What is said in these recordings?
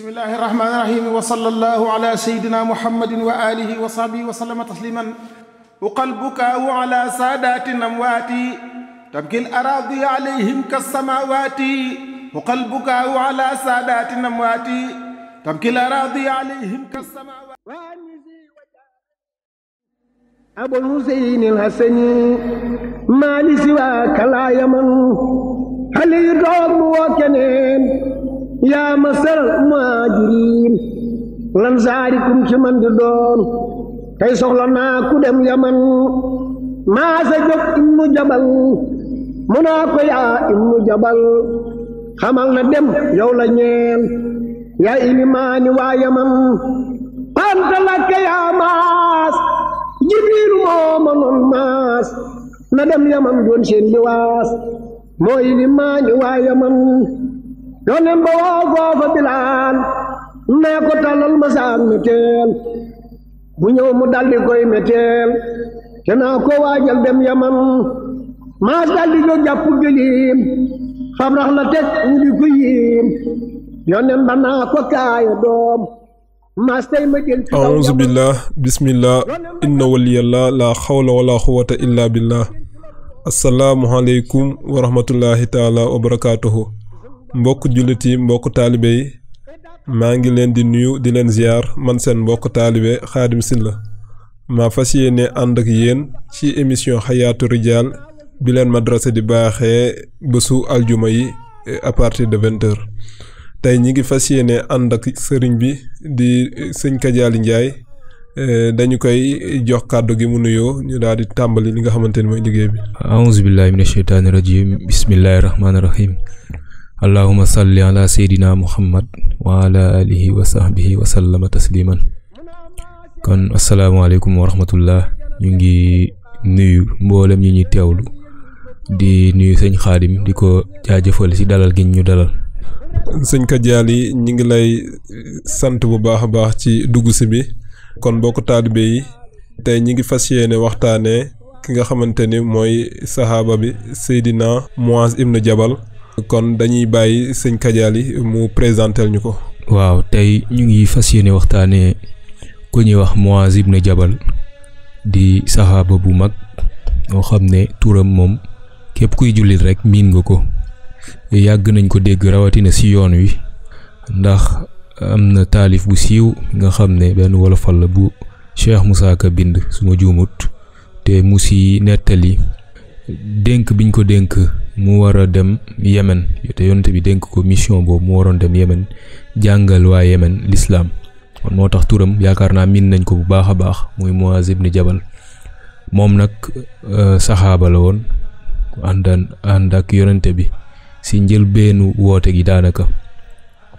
بسم الله الرحمن الرحيم وصلى الله على سيدنا محمد وآله وصحبه وسلم تسليما وقلبك بكاء على سادات الأموات تبكي الأراضي عليهم كالسماوات وقلبك بكاء على سادات الأموات تبكي الأراضي عليهم كالسماوات أبو الحسين الحسني ما سواك لا يمن هل يدور وكنين yaa masal muhaajiriin lan saarikum ci man di doon tey soxla naa ku dem yaman a jóg ibnu jabal mu naa ko yaa ibnu jabal xamal na dem yow la ñeel yaa ilimaani waa yaman pantalakke yaa maas jibriilu moo ma maas na dem yaman doon seen liwaas moo ilimaani waa yaman dooleem ba waaw foofa bilaan nee ko tàllal ma saak meteel bu ñëw mu daldi koy meteel te naa ko waajal dem yaman maas daldi jóg jàpp gëliim fabrax la teg ñu di ko yiim yónneen ba naa ko kaaya doom auzu billah bismillah inna waliyallah la xawla wala xuwata illa billah asalaamualeykum wa rahmatullahi taala wa barakatuhu mbokk jullit yi mbokk taalibe yi maa ngi leen di nuyu di leen ziar man seen mbokk taalibe Xaadim la maa fas yéene ànd ak yéen ci émission xayaatu rijaal bi leen madrasa di baaxee bésu aljuma yi à partir de vingt tey ñi ngi fas yéene ànd ak sëriñ bi di sëñ Kajaali Njaay eh, dañu koy jox kàddu gi mu nuyoo ñu daal di tàmbali li nga xamante ni mooy liggéey bi. aouzu billahi mina sheytaani rajim bismillahi Allahumma salli ala sayyidina Muhammad wa ala alihi wa sahbihi wa sallama tasliman kon alaikum wa rahmatullah ñu ngi nuyu mbolam ñi ñi tewlu di nuyu sëñ Khadim di ko ci dalal gi ñu dalal sëñ Kadial ñi ngi lay sante bu baax baax ci duggu ci bi kon bokk talibé yi tay ñi ngi fasiyene waxtane ki nga xamantene moy sahaba bi Seydina Muaz ibn Jabal kon dañuy bàyyi sëñ Kadiali mu présentel ñu ko. waaw tey ñu ngi fas yéene waxtaanee ku ñuy wax Muaz ibn Jabal di saxaaba bu mag moo xam ne turam moom képp kuy jullit rek miin nga ko yàgg nañ ko dégg rawatina si yoon wi ndax am na taalif bu siiw nga xam ne benn wolofal la bu Cheikh Moussa Ka bind suma juumut te mu si nettali dénk biñ ko dénk. mu wara dem yemen te yonte bi denk ko mission bo mu waron dem yemen jangal wa yemen l'islam kon motax touram yakarna min nañ ko bu baakha a baax muy Muaz ibn Jabal mom nak euh, sahaba la won andan andak ak bi si benu wote gi danaka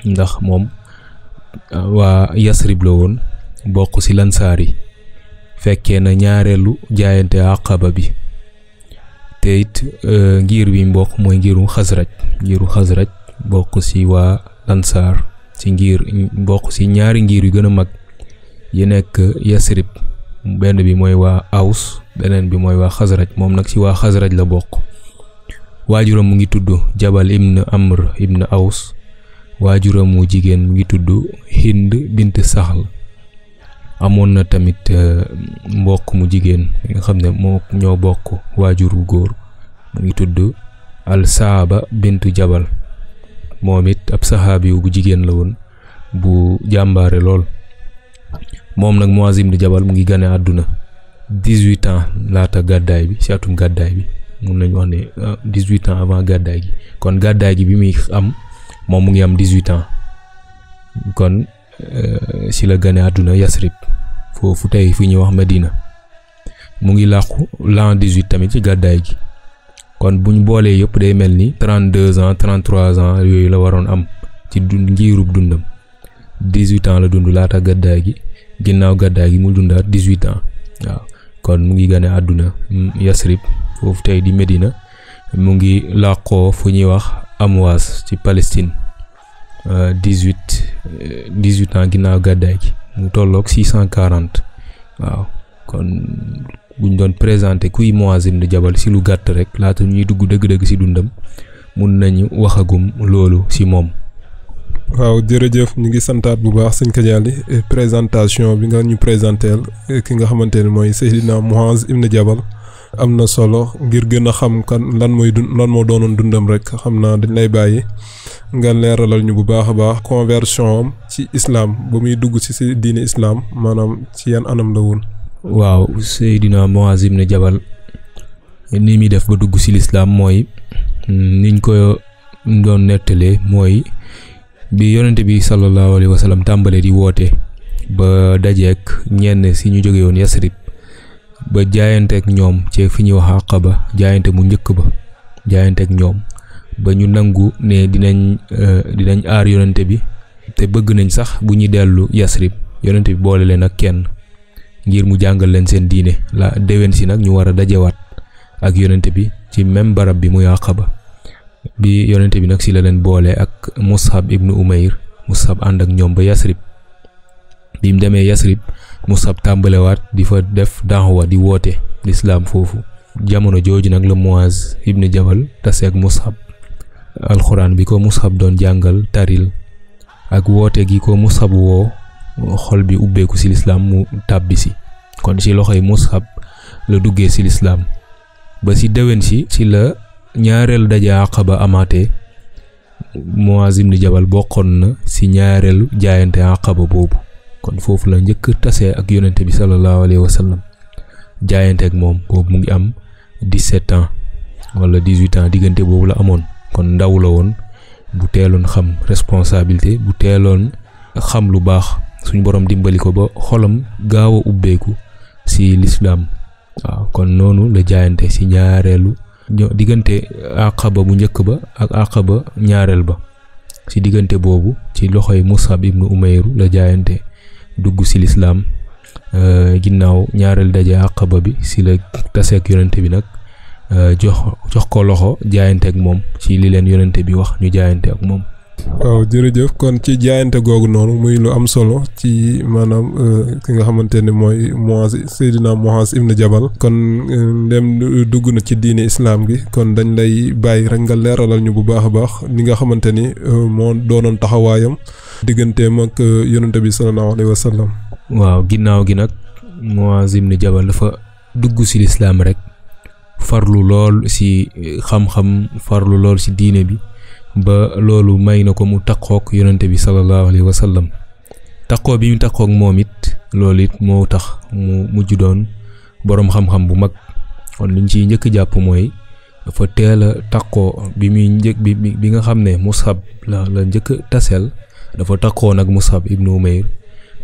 ndax mom euh, wa Yasrib la won bokku ci lansari fekke na ñaarelu jaayante aqaba bi te it euh, ngir bi mbokk mooy ngiru xasraj ngiru xasraj bokk si waa lansaar si ngir bokk ci ñaari ngir yu gën a mag yi nekk yasrib benn bi mooy waa aws beneen bi mooy waa xasraj moom nag si waa xasraj la bokk waajuram mu ngi tudd jabal ibn amr ibn aws waajuram mu jigéen mu ngi tudd hind bint saxl amoon na tamit eh, mbokk mu jigéen mi nga xam ne moo ñoo bokk waajur mu ngi tudd al saaba bintu jabal moom it ab saxaabi bu jigéen la woon bu jàmbaare lool moom nag Muazim di jabal mu ngi gane àdduna dix-huit ans laata gàddaay bi si atum gàddaay bi mun nañu wax ne ah, ans avant gàddaay gi kon gàddaay gi bi muy am moom mu ngi am dix ans kon Euh, si la gane àdduna Yasrib foofu tey fi ñuy wax Medina mu ngi làqu l'an 18 tamit ci gàddaay gi kon bu boolee yëpp day mel ni 32 ans 33 ans yooyu la waroon am ci dund njiirub dundam 18 ans la dund laata gàddaay gi ginnaaw gàddaay gi mu dundaat 18 ans waaw kon mu ngi gane àdduna mm, Yasrib foofu tey di Medina mu ngi làqoo fu ñuy wax Amwaas ci Palestine Euh, dix-huit euh, dix-huit ans ginnaaw gàddaay gi mu tolloog six cent quarante waaw kon buñ doon présenté kuy Muazin di Jabal si lu gàtt rek laata ñuy dugg dëgg-dëgg si dundam mun nañu waxagum loolu ci moom. waaw jërëjëf ñu ngi santaat bu baax sëñ Kadiali présentation bi nga ñu présenteel ki nga xamante ne mooy Seydina Muaz Ibn Jabal. amna solo ngir hamkan, xam kan lan moy lan mo doonoon dundam rek xamna dañ lay bayyi nga leralal ñu bu baax baax conversion ci islam bu muy dugg ci diine islam manam, ci yan anam la woon waaw sayidina Muaz ibn Jabal ni mi def ba dugg ci l'islam ninko niñ ko doon netele moy bi yonente bi sallallahu alaihi wa tambale di wote ba dajeek ñenn si ñu joge won yasrib ba tek ñoom ci fi ñuy wax àqaba jaayante bu njëkk ba jaayanteeg ñoom ba ñu nangu ne dinañ euh, dinañ aar yonente bi te bëgg nañ sax bu ñuy dellu yasrib yonente bi boole leen ak kenn ngir mu jàngal leen seen diine la déwén si nag ñu war a dajewaat ak yonente bi ci même barab bi muy àqaba bi yonente bi nag si la leen boole ak mushab ibnu umayr mushab ànd ak ñoom ba yasrib bi mu demee yasrib Musab tàmbalewaat di fa def daawa di wote l'islam fofu jamono joji nag la Muaz Jabal tase ak Musab al bi ko Musab don jangal taril ak wote gi ko Musab woo xol bi ubbeeku ci lislaam mu tàbbi kon ci loxoy Musab la duggee ci lislaam ba ci déwén si ci la ñaareelu daje Aqaba Jabal bokon na nyarel ñaareelu jaayante Aqaba boobu kon fofu la ñëk tassé ak yonente bi sallallahu alayhi wa sallam jaayante ak mom bobu mu ngi am 17 ans wala 18 ans digënté bobu la amone kon ndaw la won bu téelon xam responsabilité bu téelon xam lu baax suñu borom dimbali ko ba xolam ubbeeku si l'islam kon nonu la jaayante si ñaarelu digënté aqaba bu ñëk ba ak aqaba ñaarel ba ci digënté si ci loxoy Musab ibn umayr la jaayante dugg si lislaam euh, ginnaaw ñaareel daje àqaba bi si la taseek yonente bi nag euh, jox jox ko loxo jaayante ak moom ci li leen yonente bi wax ñu jaayante ak moom waaw jërëjëf kon ci jaayante googu noonu muy lu am solo ci maanaam euh, ki nga xamante ni mooy Muaz Seydina Muaz ibn Jabal kon ndem dugg na ci diine islaam bi kon dañ lay bàyyi rek nga leeralal ñu bu baax a baax li nga xamante ni moo doonoon taxawaayam digganteem ak euh, yonent bi sallallahu alayhi wa sallam. waaw ginnaaw gi nag Muaz ibn Jabal dafa dugg ci lislaam rek farlu lool ci euh, xam-xam farlu lool ci diine bi ba loolu may na ko mu takkook yonent bi sallallahu alayhi wa sallam takkoo bi mu takkook moom it loolu it moo tax mu mujj doon boroom xam-xam bu mag kon liñ ci njëkk jàpp mooy. dafa teela a takkoo bi muy njëkk bi bi nga xam ne Musab la la njëkk tasel dafa takkoon ak musab ibnu umayr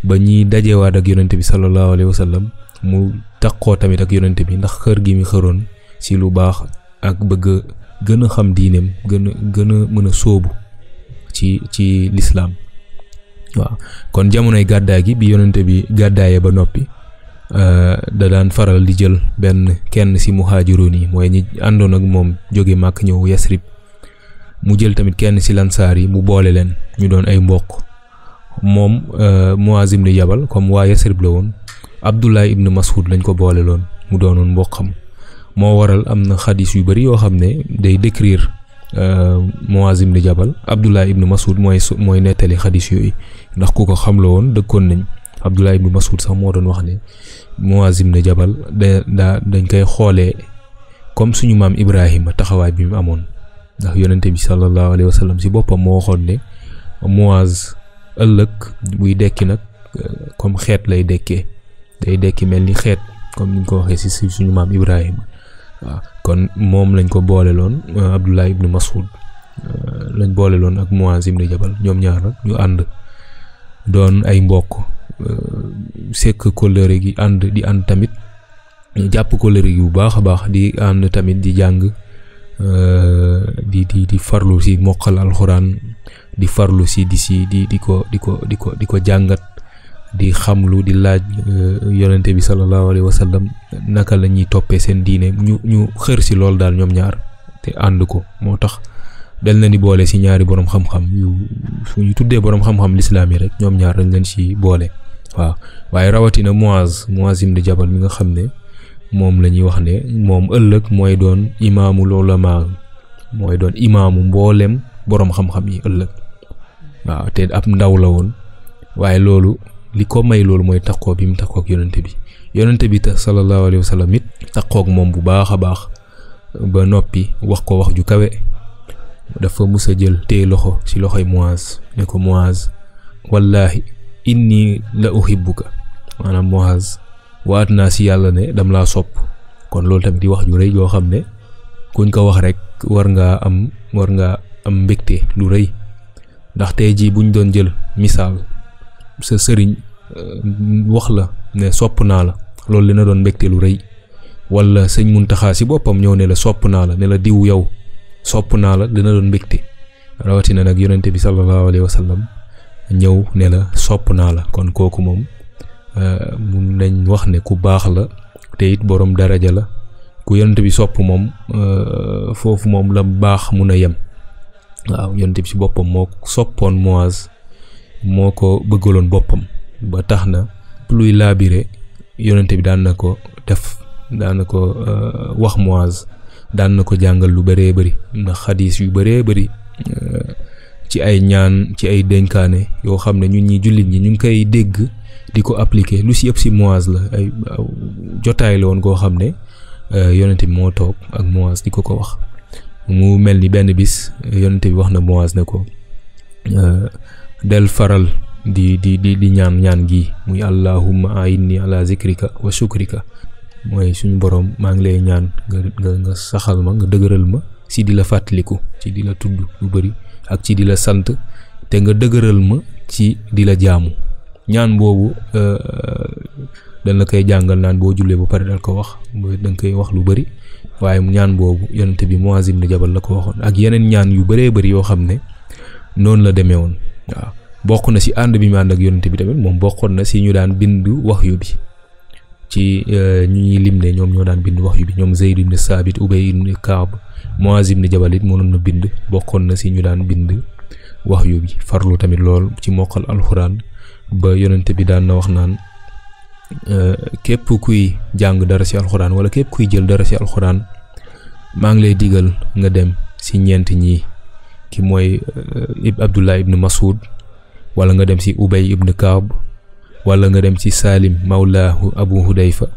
ba ñiy dajewaat ak yonente bi salallahu alayhi wasallam mu takkoo tamit ak yonente bi ndax xër gi mi xëroon ci lu baax ak bëgg gën a xam diineem gën a gën a mën a ci ci lislaam waaw kon jamonoy gàddaay gi bi yonente bi gàddaayee ba noppi euh, da daan faral di jël benn kenn ci muhaajiroon yi mooy ñi àndoon ak moom jóge màkk ñëw yasrib mu jël tamit kenn ci lansaar yi mu boole leen ñu doon ay mbokk moom euh, Muaz ibn Jabal comme waa Yasrib la woon Abdullah ibn Mas'ud lañ ko boole loon mu doonoon mboqam moo waral am na xadis yu bari yoo xam ne day décrire euh, Muaz ibn Jabal Abdullah ibn Mas'ud mooy mooy nettali xadis yooyu ndax xam la woon dëkkoon nañ Abdullah ibn Mas'ud sax moo doon wax ne Muaz ibn Jabal da dañ koy xoolee comme suñu maam Ibrahima taxawaay bi mu amoon ndax yonente bi sallallahu alayhi wasallam ci boppam moo waxoon ne moaz ëllëg muy dekki nag euh, comme xeet lay dekkee day dekki mel ni xeet comme niñ ko waxee ci suñu maam ibrahim waaw kon moom lañ ko boole loon euh, abdullah ibnu masud euh, lañ boole loon ak moaz ibnu jabal ñoom ñaar nag ñu ànd doon ay mbokk sekk kolere gi ànd di ànd tamit jàpp ko gi bu baax a baax di ànd tamit di jàng Euh, di di di farlu si mokkal alxuraan di farlu si di si di di ko di ko di ko di ko jàngat di xamlu di laaj euh, yonente bi sallallahu alayhi wa sallam naka la ñuy toppee seen diine ñu ñu xër si loolu daal ñoom ñaar te ànd ko moo tax dal na ni boole si ñaari borom xam-xam yu ñu tuddee borom xam-xam lislaam yi rek ñoom ñaar dañ leen si boole waaw waaye rawatina Muaz Muaz ibn Jabal mi nga xam ne. moom la ñuy wax ne moom ëllëg mooy doon imaamul ulama mooy doon imaamu mboolem boroom xam-xam yi ëllëg waaw te ab ndaw la woon waaye loolu li ko may loolu mooy takkoo bi mu takkook yonente bi yonente bi te sallallahu alayhi wa it takkook moom bu baax a baax ba noppi wax ko wax ju kawe dafa mus jël te loxo ci loxoy Muaz ne ko Muaz wallaahi inni la uhibbuka maanaam Muaz waat naa si yàlla ne dam laa sopp kon loolu tamit di wax ju rëy joo xam ne kuñ ko wax rek war ngaa am war ngaa am mbégte lu rëy ndax tey jii buñ doon jël misaal sa sëriñ euh, wax la ne sopp naa la loolu dina doon mbégte lu rëy wala sëñ muntaxaa si boppam ñëw ne la sopp naa la ne la diw yow sopp naa la dina doon mbégte rawatina nag yonente bi sallallahu alayhi wa sallam ne la sopp naa la kon kooku moom Euh, mun nañ wax ne ku baax la te it borom daraja la ku yonent bi sopp moom euh, fofu mom la baax mu na yam waaw yonent bi ci bopam mo soppoon moise moko ko bopam ba taxna na labiré yonent bi dan nako ko def dan nako ko euh, wax moise dan nako ko lu béré béré na hadith yu béré béré ci ay ñaan ci ay denkané yo xamné ñun ñi jullit ñi ñu ngi kay dégg diko ko appliquer lu ci yëpp Moise la ay jotaay la woon goo xam ne euh, yonente bi ak Moise di ko ko wax mu mel ni benn bis yonente bi wax na Moise ne ko euh, del faral di di di di ñaan ñaan gi muy allahumma aini ala zikrika wa shukrika mooy suñu borom maa ngi lay ñaan nga nga saxal ma nga dëgëral ma si di la fàttaliku ci di la tudd lu bëri ak ci di la sant te nga dëgëral ma ci di la jaamu ñaan boobu euh, dañ la koy jàngal naan boo jullee ba pare dal ko wax da koy wax lu bëri waaye ñaan boobu yonent bi Muaz ibn Jabal la ko waxoon ak yeneen ñaan yu baree bari yoo xam ne noonu la demee woon waaw bokk na si ànd bi mu ànd ak yonent bi tamit moom bokkoon na si ñu daan bindu wax yu bi ci euh, ñu ñuy lim ne ñoom ñoo daan bind wax yu bi ñoom Zayd ibn Saabit Ubay ibn Kaab Muaz ibn Jabal it mënoon na bind bokkoon na si ñu daan bind wax yu bi farlu tamit lool ci mokkal alxuraan ba yonent bi daan na wax naan euh, képp kuy jàng dara ci alxuraan wala képp kuy jël dara ci alxuraan maa ngi lay digal nga dem ci ñeent ñi ki mooy euh, ib abdullah ibn masud wala nga dem ci ubay ibn kaab wala nga dem ci salim mawlahu abu hudayfa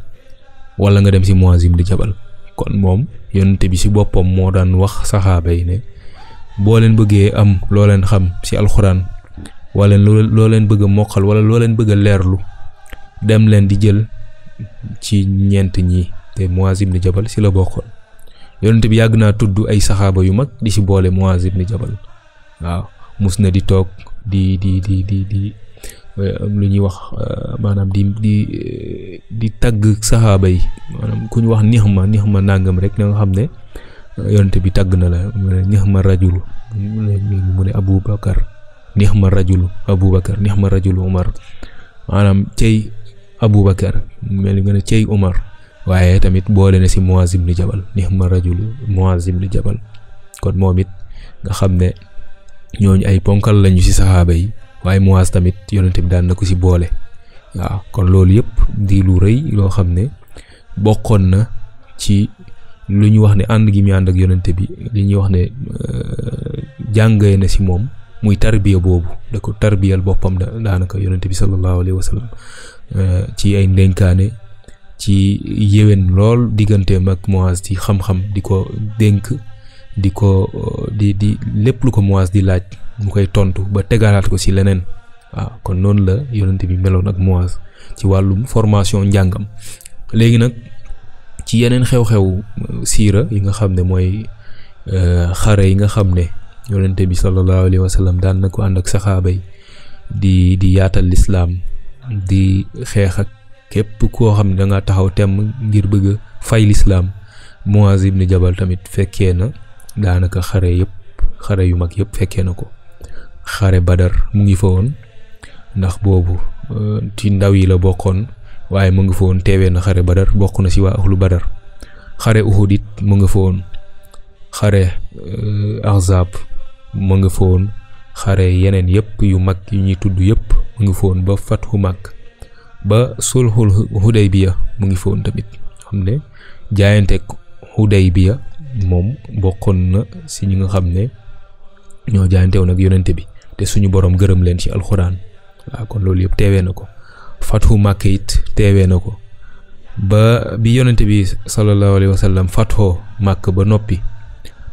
wala nga dem ci muazim di jabal kon mom yonent bi ci boppam moo daan wax saxaaba ne boo leen bëggee am loo leen xam ci alxuraan wala lo leen bëgg mokal wala lo leen bëgg dem leen di jël ci ñent ñi te Muaz ibn Jabal si la bokkoon yonente bi yagna tuddu ay sahaba yu mag di ci boole Muaz ibn Jabal waaw musna di tok di di di di di lu ñuy wax euh, manam di di euh, di tag sahaba yi manam ku ñu wax nihma nihma nangam rek nga rajulu ne euh, bi tag na la nihma rajul mu ne Abu Bakar nihma rajul Abu Bakar nihma rajul Umar manam cey Abu Bakar mel nga cey Umar waye tamit boole na ci Muaz ibn Jabal nihma rajul Muaz ibn Jabal kon momit nga xamne ñoñ ay ponkal lañu ci sahaba yi waye Muaz tamit yonent bi daan nako ci boole wa kon loolu yep di lu rëy lo xamne bokkon na ci lu ñu wax ne and gi mi and ak yonente bi li wax ne euh, jangay na ci mom muy tarbiya boobu da ko tarbiyal boppam da daanaka yonente bi sallallahu alayhi wa sallam eh, ci ay ndénkaane ci yéwén lool digganteem ak Muaz ci xam-xam di ko dénk di ko eh, di di lépp lu ko Muaz di laaj mu koy tontu ba tegaalaat ko si leneen waaw kon noonu la yonente bi meloon ak Muaz ci wàllum formation njàngam léegi nag ci yeneen xew-xew siira yi nga xam ne mooy eh, xare yi nga xam ne yonente bi sallallahu Alaihi wasallam dan nako and ak sahaba di di yatal Islam di xex ak kep ko xam da nga taxaw tem ngir bëgg fay l'islam Muaz ibn Jabal tamit fekkee na daanaka xare yep xare yu mag yep fekkee xare Badar mu ngi fa won ndax bobu euh, ci ndaw yi la bokkon waye mu ngi fa won na xare Badar bokku na ci wa ahlu Badar xare uhudit mu ngi fa won xare euh, Ahzab mu nga foon xare yeneen yëpp yu mag yu ñuy tudd yëpp mu ngi foon ba fathu mag ba bi Hudaybiya mu ngi foon tamit xam ne bi Hudaybiya moom bokkoon na si ñi nga xam ne ñoo jaayante woon ak yonente bi te suñu boroom gërëm leen ci alxuraan waaw kon loolu yëpp teewee na ko fathu Makka it na ko ba bi bi sallallahu alayhi wa sallam fathoo ba noppi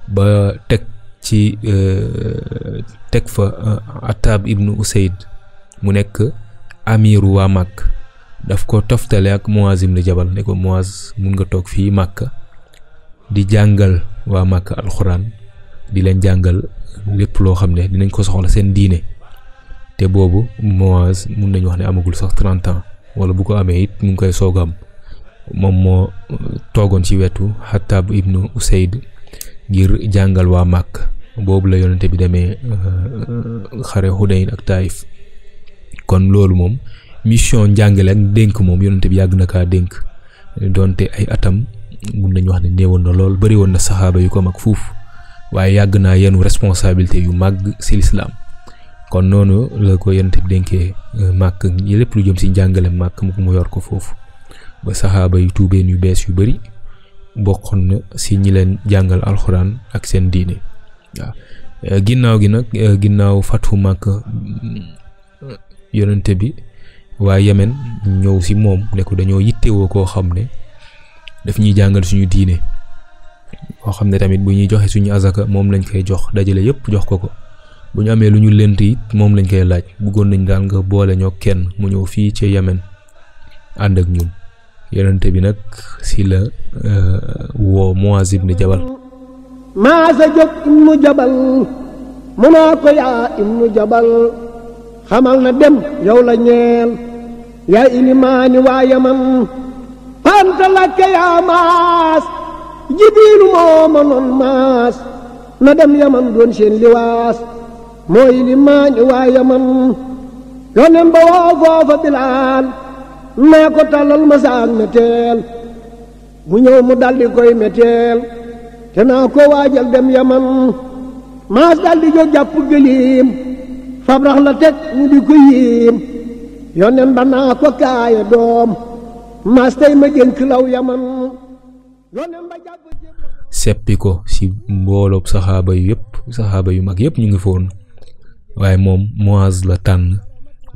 ba teg ci euh, tek fa euh, atab ibnu usayd mu nek amiru wa mak daf ko toftale ak muaz ibnu jabal ne ko muaz mun nga tok fi mak di jangal wa mak alquran di len jangal lepp lo xamne ne dinañ ko soxla sen diine te bobu moaz mun nañ wax ne amagul sax 30 ans wala bu ko amé it mun koy sogam mom mo euh, togon ci wetu ibnu usayd ngir jàngal waa màkk boobu la yonente bi demee euh, xare Xunayn ak Taayif kon loolu moom mission njàngale ak dénk moom yonente bi yàgg na kaa dénk doonte ay atam mun nañu wax ne néewoon na lool bëri woon na saxaaba yu ko mag fuuf waaye yàgg naa yenu responsabilité yu màgg si lislaam kon noonu la ko yonente bi dénkee euh, màkk ñi lépp lu jëm si njàngale màkk mu yor ko foofu ba saxaaba yu tuubeen yu bees yu bëri bokkoon na si ñi leen jàngal alxuraan ak seen diine waaw eh, ginnaaw gi nag eh, ginnaaw fatwu Màkk mm, yonente bi waa Yemen ñëw si moom ne ko dañoo yittewoo koo xam ne daf ñuy jàngal suñu diine koo xam ne tamit bu ñuy joxe suñu azaka moom lañ koy jox dajale yëpp jox ko ko bu ñu amee lu ñu lënt it moom lañ koy laaj bëggoon nañ daal nga boole ñoo kenn mu ñëw fii ci Yemen ànd ak ñun yonente bi nak si la euh, wo muaz ibn jabal maasa jóg ibn jabal mu ya ibn jabal xamal na dem yow la ñeel ya ilimaani wa yaman fanta lakke yaa maas jibiilu moo ma maas na dem yaman don sen liwas moy ilimaani wa yaman yonen ba woo foofa bilaal maa ko tàllal ma saak meteel mu ñëw mu daldi koy meteel te naa ko waajal dem yaman maas daldi jóg jàpp gëliim fabrax la teg ñu di ko yiim yonen ba naa ko kaaye doom maas tey ma dénk law yaman seppi ko ci mbooloo saxaaba yu yëpp saxaaba yu mag yëpp ñu ngi foon waaye moom Muaz la tànn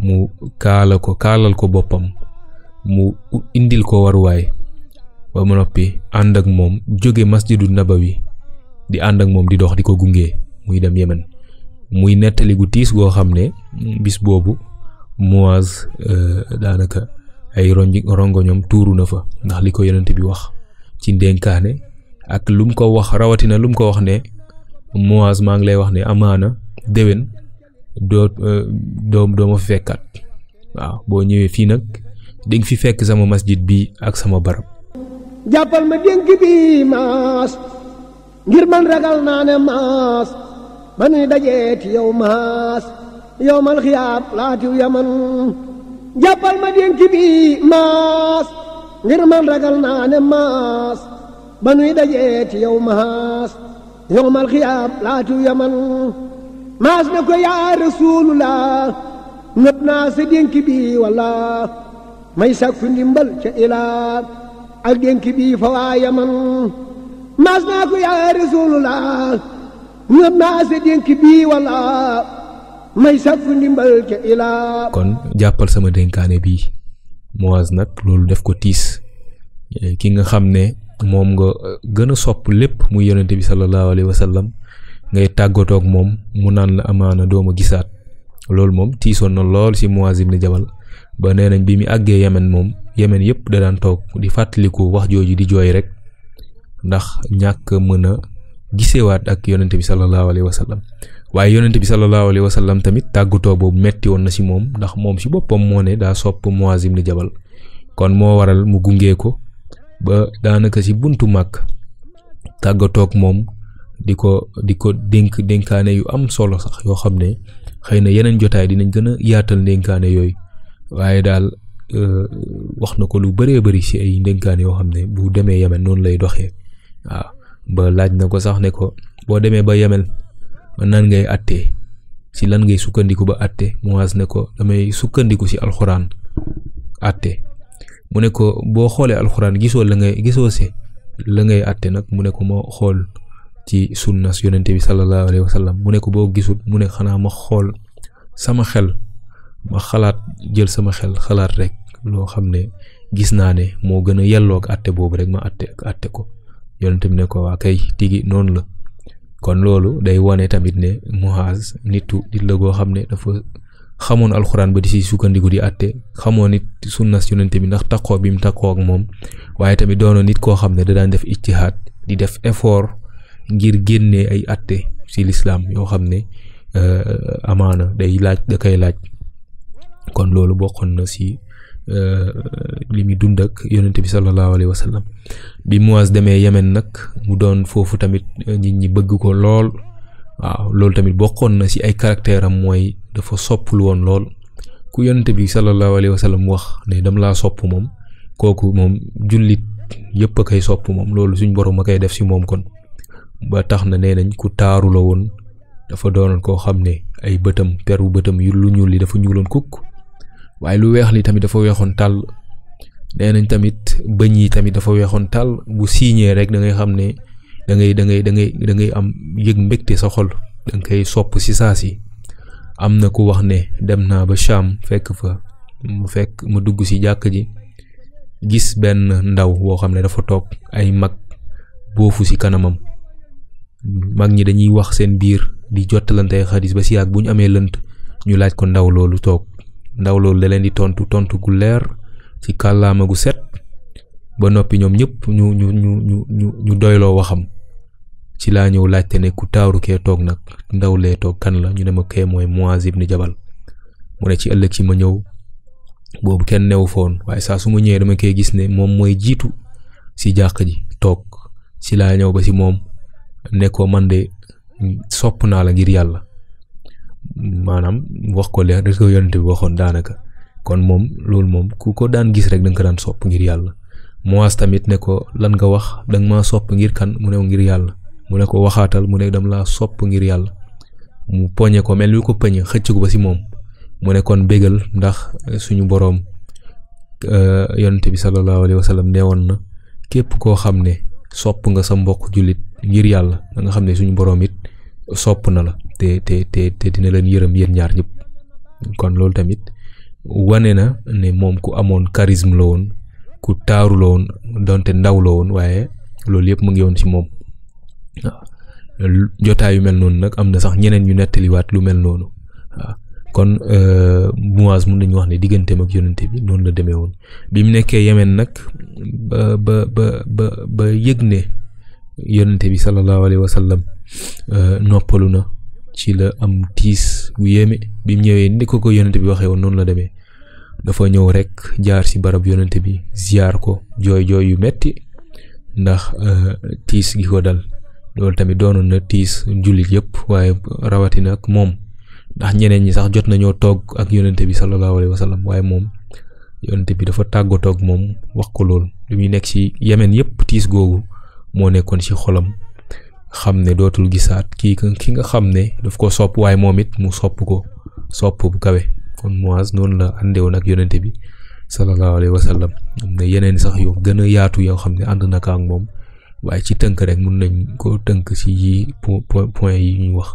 mu kaala ko kaalal ko boppam mu indil ko waruwaay ba mu noppi ànd ak moom jóge masjidu wi di ànd ak moom di dox di ko gunge muy dem yemen muy nettali gu tiis goo xam ne bis boobu Muaz euh, daanaka ay ronji rongoñom tuuru na fa ndax li ko yonent bi wax ci ndénkaane ak lu mu ko wax rawatina lu mu ko wax ne Muaz maa ngi lay wax ne amaana déwén doo doom euh, dooma fekkaat waaw boo ñëwee fii nag di nga fi fekk sama masjid bi ak sama barab. jàppal ma dénk bi maas ngir man ragal naa ne maas ma nuy dajeeti yow maas yow mal laatiw yaman jàppal ma dénk bi maas ngir man ragal naa ne maas ba nuy dajeeti yow maas yow mal laatiw yaman maas ne ko yaa rasuulullah nëb naa sa dénk bi walla may sakku ndimbal ca ilaa ak dénk bii fa waaya man maas naa ko yaa rasulullah ñëpp naa sa dénk ndimbal ca ilaa kon jàppal sama dénkaane bii Muwaaz nag loolu def ko tiis ki nga xam ne moom nga uh, gën a sopp lépp muy yonente bi sallallahu alayhi wa sallam ngay tàggatoog moom mu naan la amaana dooma gisaat loolu moom tiisoon na lool ci Muwaaz ibn Jabal ba nee nañ bi mu àggee yemen moom yemen yëpp da daan toog di fàttaliku wax jooju di jooy rek ndax ñàkk mën a gisewaat ak yonent bi sallallahu alayhi wa sallam waaye yonent bi sallallahu alayhi wa sallam tamit tàggatoo boobu metti woon na ci moom ndax moom si boppam moo ne daa sopp Muaz ibn Jabal kon moo waral mu gungee ko ba daanaka ci buntu màkk tàggatoog moom di ko di ko dénk dénkaane yu am solo sax yoo xam ne xëy na yeneen jotaay dinañ gën a yaatal dénkaane yooyu waaye daal euh, wax na ko lu bëree bari si ay ndénkaan yoo xam ne bu demee Yemen noonu lay doxee waaw ba laaj na ko sax ne ko boo demee ba Yemen nan ngay àttee si lan ngay sukkandiku ba àtte Muaz ne ko damay sukkandiku ci alxuraan àtte mu ne ko boo xoolee alxuraan gisoo la ngay gisoo si la ngay àtte nag mu ne ko ma xool ci sunnas yonente bi sallallahu alayhi wa sallam mu ne ko boo gisul mu ne xanaa ma xool sama xel ma xalaat jël sama xel xalaat rek loo xam ne gis naa ne moo gën a yelloo ak àtte boobu rek ma àtte àtte ko yonent bi ne ko waa kay tigi noonu la kon loolu day wane tamit ne Muaz nitu nit la goo xam ne dafa xamoon alxuraan ba di si sukkandiku di àtte xamoo nit sunnas yonent bi ndax takkoo bi mu takkoo ak moom waaye tamit doonoon nit koo xam ne da daan def ijtihaad di def effort ngir génnee ay àtte si lislaam yoo xam ne euh, amaana day laaj da koy laaj kon loolu bokkoon na si euh, li limi dund ak yonente bi sallallahu alayhi wasallam bi Muaz demee Yemen nag mu doon foofu tamit euh, nit ñi bëgg ko lool waaw loolu tamit bokkoon na si ay caractère am mooy dafa soppul woon lool ku yonente bi sallallahu alayhi wasallam wax ne dam laa sopp moom kooku moom jullit yépp kay sopp moom loolu suñ borom a def si moom kon ba tax na nee nañ ku taaru la woon dafa doonoon koo xam ay bëtam peru bëtam yu lu ñuul li dafa ñuuloon waaye lu weex li tamit dafa weexoon tàll nee tamit bëñ yi tamit dafa weexoon tàll bu siiñee rek da ngay xam ne da ngay da ngay da ngay da ngay am yëg mbégte sa xol da ngay sopp si saa si am na ku wax ne dem naa ba Cham fekk fa mu fekk mu dugg si jàkk ji gis benn ndaw woo xam ne dafa toog ay mag boofu si kanamam mag ñi dañuy wax seen biir di jottalante ay xadis ba si yàgg bu ñu amee lënt ñu laaj ko ndaw loolu toog ndaw loolu da di tontu tontu gu leer ci kàllaama gu set ba nopi ñom ñep ñu ñu ñu ñu ñu doylo waxam ci la ñew laajte ne ku tawru ke tok nak ndaw le tok kan la ñu ne ma ke moy Muaz ibn Jabal mu ne ci ëlëk ci ma ñew bobu ken neew foon waaye sa su ma ñëwee dama koy gis ne mom moy jitu ci jàq ji tok ci la ñew ba ci mom ne ko man de sopp naa la ngir yalla manam wax ko leer rek ko bi waxon danaka kon mom loolu mom, ku ko daan gis rek dang ko dan sop ngir yalla moas tamit ne ko lan nga wax dang ma maa ngir kan mu ne ngir yalla mu ne ko waxatal mu ne dam la sop ngir yalla mu ko mel ni ko pëñe xëcc ko ba si mom mu ne kon begal ndax eh, suñu borom. Eh, yonente bi sallallahu alaihi wasallam nee na kep ko xamne sop nga sa mbokk julit ngir yalla nga xamne suñu borom it sopp na la te te te dina leen yërëm yéen ñaar ñëpp kon loolu tamit wane na ne moom ku amoon charisme la woon ku taaru la woon donte ndaw la woon waaye loolu yëpp mu ngi woon ci moom waaw yu mel noonu nag am na sax ñeneen ñu nettaliwaat lu mel noonu waaw kon euh, Muaz mun nañu wax ne diggante ak yonent bi noonu la demee woon bi mu nekkee Yemen nag ba ba ba ba yëg ne yonent bi sallallahu alayhi sallam Euh, noppalu na ci la am tiis bu yéeme bi mu ñëwee ni ko ko yonent bi waxee woon noonu la demee dafa ñëw rekk jaar ci barab yonent bi ziar ko jooy jooy yu metti ndax euh, tiis gi ko dal loolu tamit doonoon na tiis jullit yëpp waaye rawatina ak moom ndax ñeneen ñi sax jot nañoo toog ak yonent bi sallallahu alayhi wa waaye moom yonent bi dafa tàggatoo ak moom wax ko loolu li muy nekk ci yemeen yëpp tiis googu moo nekkoon ci xolam xam ne dootul gisaat kii ki nga xam ne daf ko sopp waaye moom it mu sopp ko sopp bu kawe kon Muaz noonu la àndewoon ak yonente bi sallallahu alayhi wa sallam am na yeneen sax yu gën a yaatu yoo xam ne ànd na ko ak moom waaye ci tënk rek mun nañ ko tënk ci yi point yi ñu wax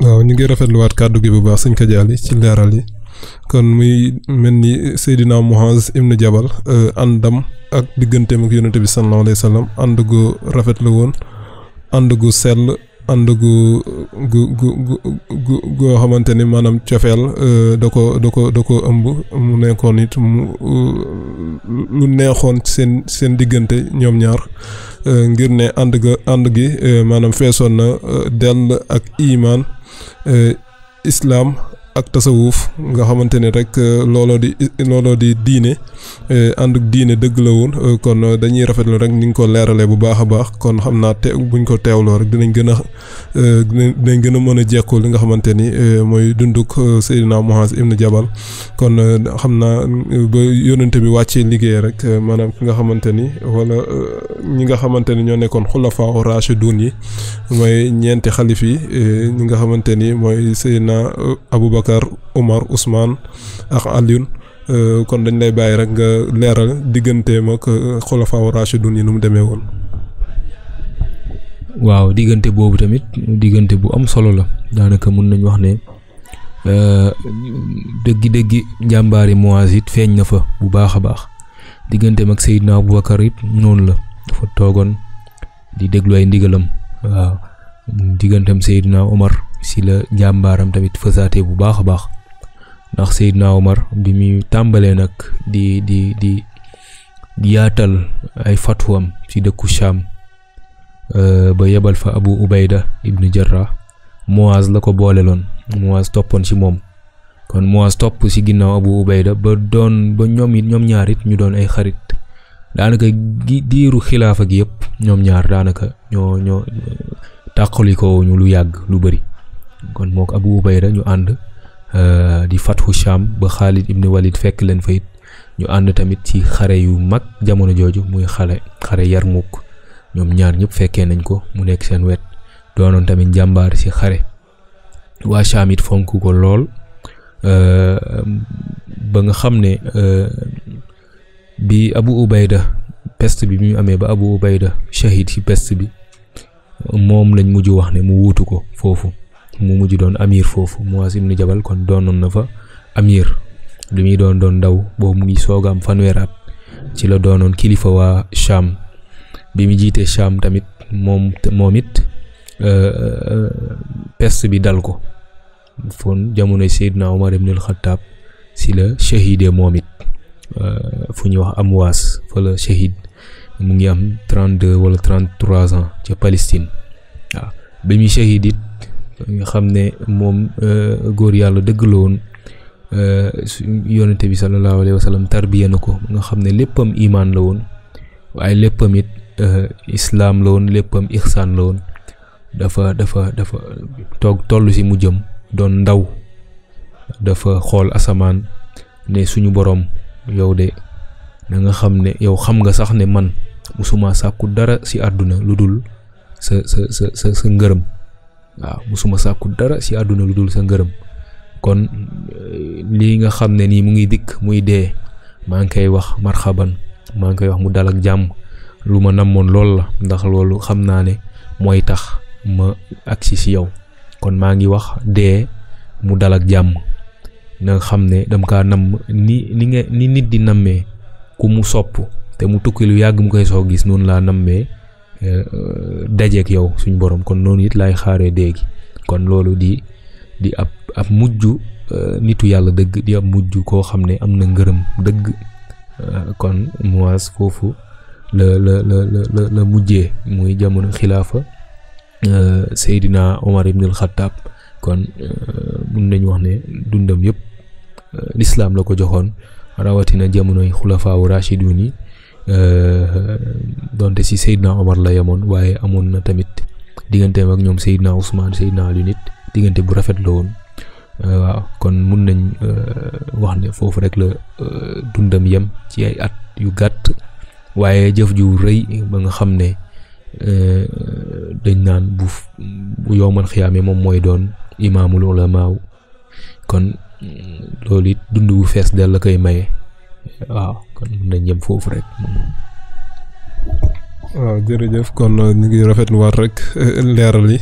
waaw ñu ngi rafetluwaat kàddu gi bu baax sëñ Kadiali ci leeral yi kon muy mel ni Seydina Muaz ibn Jabal euh, àndam ak digganteem ak yonente bi sallallahu alayhi wa sallam ànd gu rafet la woon ànd gu sell ànd gu gu gu gu goo xamante ni maanaam cofeel euh, da ko mu nekkoon it mu euh, lu neexoon sen sen diggante ñoom ñaar ngir ne ànd ga ànd gi maanaam feesoon na dell ak iman islaam ak tasawuf nga xamante ne rek euh, looloo di looloo di diine euh, ànd diine dëgg la woon euh, kon dañuy rafetlu rek ni nga ko leeralee bu baax a baax kon xam naa te buñ ko teewloo rek dinañ gën a dinañ gën a mën a jekkoo li nga xamante ni mooy dunduk Seydina Muaz ibn Jabal kon xam naa ba yonente bi wàccee liggéey rek maanaam ki nga xamante ni wala ñi nga xamante ni ñoo nekkoon xulafaa rashidun yi mooy ñeenti xalif yi ñi nga xamante ni mooy Seydina Abubakar Bakar Omar Ousmane ak Alioune euh, kon dañ lay bàyyi rek nga leeral digganteem ak euh, wa Rashidun yi nu mu demee woon. waaw diggante boobu tamit diggante bu am solo la daanaka mun nañ wax ne dëggi-dëggi euh, njàmbaari Muazid feeñ na fa bu baax a baax digganteem ak Seydina Aboubacar it noonu la dafa toogoon di déglu ay ndigalam waaw digganteem Omar si la jàmbaaram tamit fasaate bu baakha bax ndax sayyidna umar bi mi nak di di di yaatal ay fatwam ci dëkku Sham euh, ba yebal fa Abu ubaida ibnu Jarrah Muaz lako ko lon Muaz topon ci mom kon Muaz top ci ginnaw Abu ubaida ba don ba ñom it ñom ñaar it ñu don ay xarit daanaka gi diiru khilafa gi yep ñom ñaar daanaka ño ño tàqali ñu lu yag lu bari kon mok Abu Ubayda ñu euh di fathu Sham ba Khalid ibn Walid fekk len fayit ñu and tamit ci xare yu mag jamono joju muy xale xare Yarmuk ñom ñaar ñep fekke nañ ko mu nek seen wet doonoon tamit jambar ci xare wa shamit fonku ko ko euh ba nga xamne euh bi Abu Ubayda peste bi mu amé ba Abu Ubayda shahid ci peste bi mom lañ muju wax ne mu wuutu ko mu mujj doon amir foofu Muaaz ibnu Jabal kon doonoon na fa amir li muy doon doon ndaw boobu mu ngi soog am fanweer at ci la doonoon kilifa waa Cham bi mu jiitee Cham tamit moom moom it euh, euh, peste bi dal ko fon jamonoy Seydina Omar ibnul Xattaab si la shahidee moom it euh, fu ñuy wax Amwaas fa la shahid mu ngi am 32 wala 33 ans ca Palestine bi muy shahid it nga xam ne moom euh, góor yàlla dëgg la woon euh, yonente bi salallahu alayhi wasallam tarbiya ko nga xam ne iman imaan la woon waaye léppam it euh, Islam la woon léppam ixsaan la woon dafa dafa dafa toog toll si mu don doon ndaw dafa xool asaman, ne suñu borom yow de na nga xam ne yow xam nga sax ne man musuma sàkku dara si àdduna lu dul se se se sa sa waaw musuma ku dara si aduna lu dul sa ngeureum kon eh, li nga xamne ni mu ngi marhaban muy de ma ngi kay wax marhaban ma ngi kay wax mu dal ak jam lu ma namoon lol la ndax lolou xamna ne moy tax ma agsi ci yow kon ma ngi wax dee mu dal ak jam na xamne dam ka nam ni ni nga ni nit di namé ku mu sopu te mu tukki lu yag mu koy so gis non la namé Euh, dajeek yow suñ borom kon noonu it lay xaaree déegi kon loolu di di ab ab mujj euh, nitu yàlla dëgg di ab mujj koo xam ne am na ngërëm dëgg euh, kon Muwaas foofu la la la mujjee muy jamono xilaafa Seydina Omar ibn al kon mun nañu wax ne dundam yëpp lislaam la ko joxoon rawatina jamonoy xulafaawu rashidun Euh, donte si Seydina Omar la yemoon waaye amoon na tamit digganteem ak ñoom Seydina Ousmane Seydina Aliou nit diggante bu rafet la woon euh, waaw kon mun nañ euh, wax ne foofu rek la dundam yem ci ay at yu gàtt waaye jëf ju rëy ba nga xam ne dañ naan bu bu xiyaame moom mooy doon imaamul ulamaaw kon mm, loolu it dund bu fees dell la koy maye waaw kon nañ yem foofu rek. waaw jërëjëf kon uh, ñu ngi rafetlu waat rek uh, leeral yi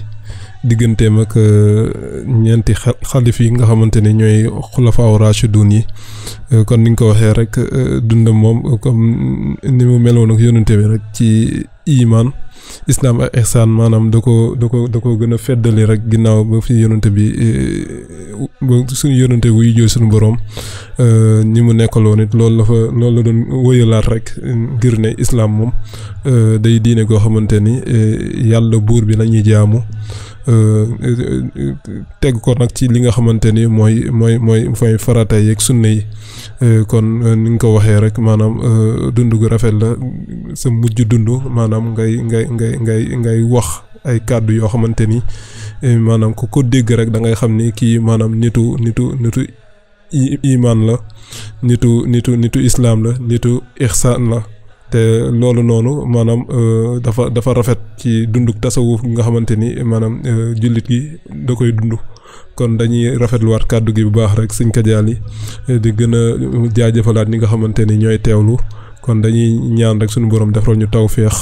digganteem ak uh, ñeenti xalif yi nga xamante ne ñooy xulafaaw rashidun yi kon ni nga ko waxee rek dundam moom comme ni mu meloon ak yonente bi rek ci. iman islam ak ihsaan maanaam da koo da koo da koo gën a feddali rek ginnaaw ba fi yonante bi eh, eh, ba suñu yonante wuy jooy suñu boroom eh, ñi mu nekkaloon it loolu la fa loolu la doon wóyalaat rek ngir ne islam moom day diine goo xamante ni yàlla buur bi la ñuy jaamu teg ko nag ci li nga xamante ni mooy mooy mooy mooy farata yeeg sunna yi kon ni nga ko waxee rek maanaam dund gu rafet la sa mujj dund maanaam maanaam ngay ngay ngay ngay ngay wax ay kàddu yoo xamante ni eh, maanaam ku ko dégg rek da ngay xam ni kii maanaam nitu nitu nitu iman la nitu nitu nitu islam la nitu ihsan la te loolu noonu maanaam eh, dafa dafa rafet ci dunduk tasawuf nga xamante ni maanaam eh, jullit gi da koy dund kon dañuy rafetluwaat kàddu gi bu baax rek sëñ Kajaal di gën a jaajëfalaat ñi nga xamante ni ñooy kon dañuy ñaan rek suñu borom defal ñu tawféex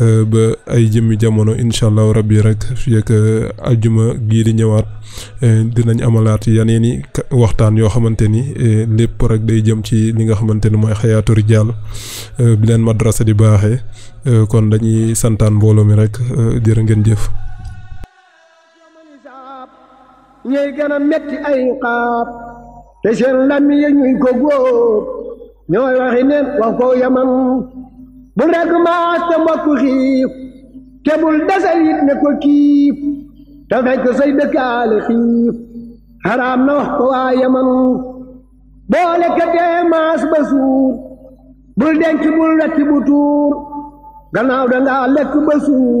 Euh, ba ay jëmmi jamono incha allahu rabbi rek fii ak ajjuma euh, gii di ñëwaat euh, dinañ amalaat yeneen i waxtaan yoo xamante ni lépp rek day jëm ci li nga xamante ni mooy xayaatu rijaal bi leen madrasa di baaxee kon dañuy santaan mbooloo mi rek jërë ngeen jëf. ñuy gën a ay xaab te seen lam yi ñuy ko góob ñooy waxi neen wax ko yaman bul rek maas te mbokk xiif te bul desal it ne ko kiif te fekk say dëkkaale xiif xaraam na wax ko waaye man boole ka tee maas ba suur bul denc bul wetti bu tuur gannaaw dangaa lekk ba